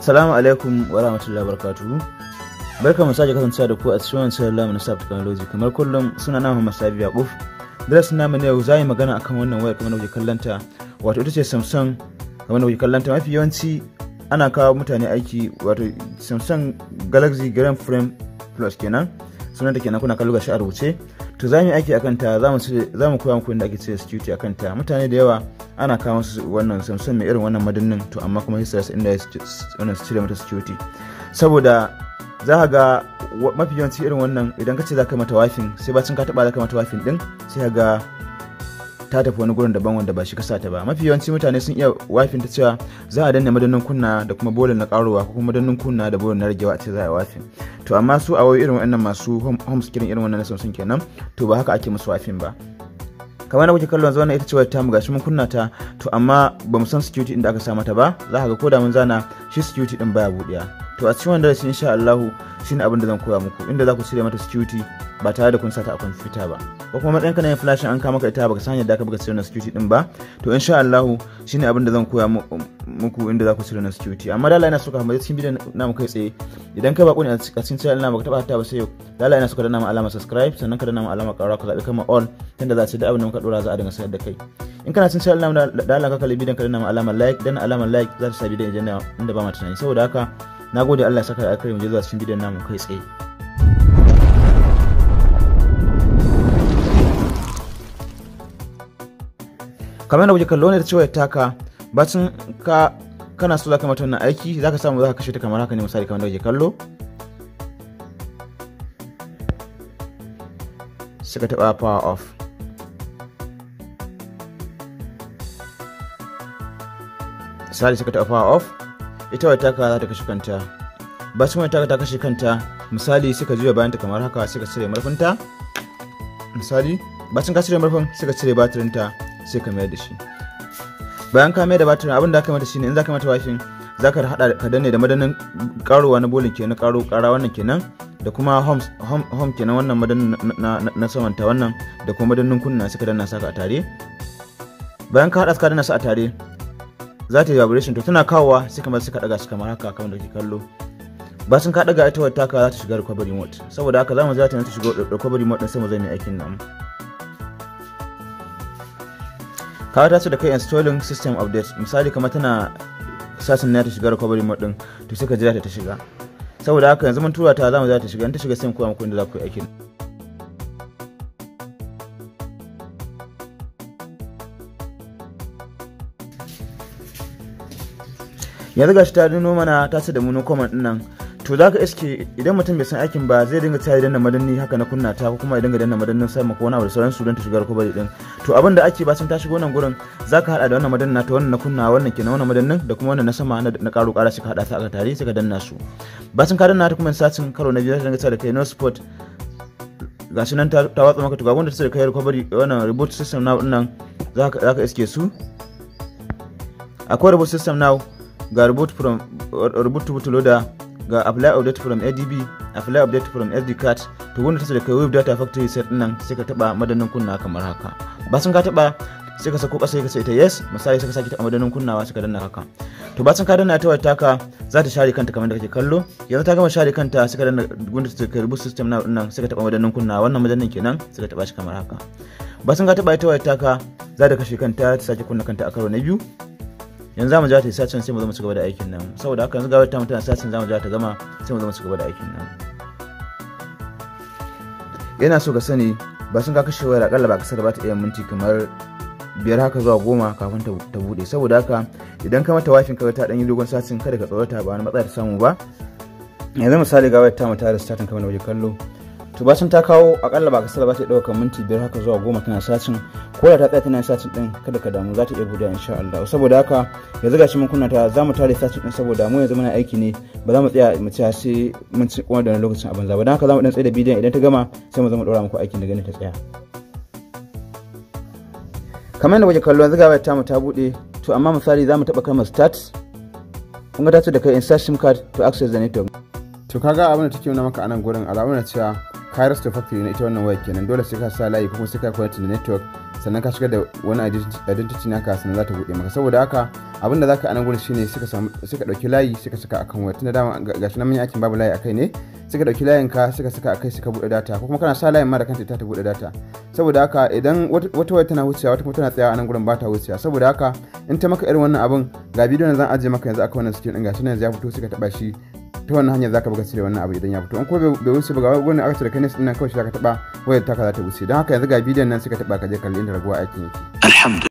Salamu alaikum wa rahmatullahi barkatu. Barka mu sake kasancewa da ku a cikin wannan shirin lamu na Sub Technology kamar kullum suna na Muhammad Sabi Yakuf. Darasin namu ne yau zai magana akan wannan wayar kamar da kuke kallanta wato ita ce Samsung kamar da kuke kallanta mafi yawanci ana kawo mutane aiki wato Samsung Galaxy Grand Frame Plus kenan. sunan da nan kuna kan lugar shi a rubuce to za mu aiki akan ta za mu koya muku inda ake ce security akan ta mutane da yawa ana kawo su wannan samsung mai irin wannan madannin to amma kuma sai su inda wannan su cire mata security saboda za ka ga mafi yawanci irin wannan idan ka ce za ka mata wafin sai bacin ka taba za ka mata wafin din sai ka ga ta tafi wani gurin daban wanda ba shi kasa ta ba mafi yawanci mutane sun iya wafin ta cewa za a danna madannin kunna da kuma bolin na karowa ko kuma madannin kunna da bolin na ragewa a ce za a wafin to amma su a wayo irin wannan masu home screen irin wannan sun kenan to ba haka ake musu wafin ba kamar da kuke kallon wannan ita ce wata mu gashi mun kunna ta to amma mu san security din aka sa mata ba za ka ga ko da mun zana shi security din baya buɗiya to a cikin wannan insha Allahu shine abin da zan koya muku inda za ku shirya mata security ba tare da kun sata a kwamfuta ba ko kuma matsayin ka na flash an kama ka ita baka san yadda ka buga shirya na security din ba to insha Allahu shine abin da zan koya um, muku inda za ku shirya na security amma dala ina so ka hamba cikin bidiyon namu kai tsaye idan kai bako ne a cikin channel namu baka taba hatta ba sai yau dala ina so ka danna mu alama subscribe sannan ka danna mu alama karara ka zabi kama all tunda za ci da abin da muka dora za a dinga sayar da kai in kana cikin channel namu da Allah ka kalli bidiyon ka danna mu alama like danna alama like za ta sa bidiyon idan da ba ma tunani saboda haka na gode allah saka da alkhairi mu je cikin bidiyon namu kai tsaye kamar da kuke kallo ne ta cewa taka bacin ka kana so zaka mata wannan aiki zaka samu zaka kashe ta kamar haka ne misali kamar da kuke kallo suka taba power off misali suka taba power off ita wata taka za ta kashe kanta basma taka ta kashe kanta misali suka juya bayanta kamar haka suka cire marfinta misali bacin ka cire marfin suka cire batirinta sai ka mayar da shi bayan ka mayar da batirin abin da aka mata shine in za ka mata washin za ka hada ka danne da madannin karowa na bolin kenan karo kara wannan kenan da kuma home kenan wannan madannin na samanta wannan da kuma madannin kunna suka danna saka a tare bayan ka hada suka danna su a tare za ta yi vibration to tana kawowa sai kamar suka daga suka kamar haka kamar da ke kallo ba sun ka daga ita wata taka za ta shiga recovery mode saboda haka za mu za ta yi ta shiga recovery mode din sai mu zai mai aikin nan ka ta su da kai installing system update misali kamar tana sasin na ta shiga recovery mod din to sai ka jira ta ta shiga saboda haka yanzu mun tura ta za mu za ta shiga in ta shiga sai mu koya muku inda za ku yi aikin yanzu gashi ta dino mana ta sa da munin comment dinnan nan to zaka iske idan mutum bai san aikin ba zai dinga tsaya danna madanni haka na kunna ta ko kuma ya dinga danna madannin sai ko wani abu da sauran su don ta shigar kubari din to abin da ake sun ta shigo nan gurin zaka hada da wannan madannin ta wannan na kunna wannan kenan wannan madannin da kuma wannan na sama na karo kara suka hada ta aka tare ka danna su sun ka danna ta kuma satin karo na biyar dinga tsaya da kai no sport gashi nan ta watsa maka tugagun da ta da kai recovery wannan reboot system na wannan zaka iske su akwai reboot system now ga report from to loader ga apply update from adb apply update from sd card to wanda ta da kai web data factory set nan sai ka taba madannin kunna kamar haka sun ka taba sai ka sako kasa ka sai ta yes misali sai ka saki taba madannin kunnawa sai ka danna haka to ba sun ka danna ta wata taka za ta share kanta kamar da kake kallo yanzu ta gama share kanta sai ka danna gunda ta kai reboot system na nan sai ka taba madannin kunna wannan madannin kenan sai ka taba shi kamar haka sun ka taba ta wata taka za ta kashe kanta ta sake kunna kanta a karo na biyu yanzu zamu ja ta sacin sai mu zama cigaba da aikin nan saboda haka yanzu gawar ta mutane sacin zamu ja ta gama sai mu zama cigaba da aikin nan yana so ka sani ba sun ka kashe wayar akalla ba kasar ba ta iya minti kamar biyar haka zuwa goma kafin ta bude saboda haka idan ka mata wafin kawai ta dan yi dogon satin kada ka tsorata ba wani matsayar ta samu ba yanzu misali ga wayar ta mutare satin kamar waje kallo to bacin ta kawo akalla ba kasala ba ta ɗaukar minti biyar haka zuwa goma tana sacin ko da ta tsaya tana sacin din kada ka damu za ta iya buɗe insha Allah saboda haka yanzu gashi mun kunna ta za mu tare sacin din saboda mu yanzu muna aiki ne ba za mu tsaya mu ci sai mun ci kuma da lokacin abin zaba dan haka za mu dan tsaye da bidiyon idan ta gama sai mu zama ɗora muku aikin da gani ta tsaya kamar yadda kuke kallon zuga bai wayar tamu ta buɗe to amma misali za mu taɓa kama start kun ga ta ce da kai insert sim card to access the network to kaga abin da take nuna maka anan gurin alamun cewa Kairos to factory na ita wannan waya kenan dole sai ka sa layi kuma sai ka connect da network sannan ka shiga da wani identity naka sannan za ta buɗe maka saboda haka abin da zaka anan gurin shine suka samu suka dauki layi suka saka akan waya tunda dama gashi nan mun yi aikin babu layi akai ne suka dauki layin ka suka saka akai suka buɗe data ko kuma kana sa layin ma da kanta ita ta buɗe data saboda haka idan wata waya tana wucewa wata kuma tana tsayawa anan gurin ba ta wucewa saboda haka in ta maka irin wannan abin ga bidiyon zan ajiye maka yanzu akan wannan screen din gashi nan yanzu ya fito suka taba shi ta wannan hanyar zaka buga cire wannan abu idan ya fito in ko bai wuce ba ga wannan aka cire kai ne ɗin kawai shi zaka taba wayar taka za ta wuce don haka yanzu ga bidiyon nan suka taba ka je kalli inda raguwa aikin yake. alhamdulillah